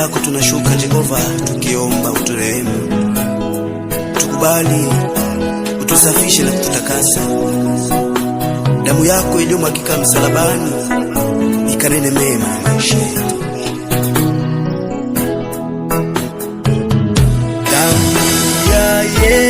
zako tunashuka Jehova, tukiomba uturehemu, tukubali, utusafishe na kututakasa. Damu yako iliyomwagika msalabani ikanene mema na maisha yetu. Damu ya Yesu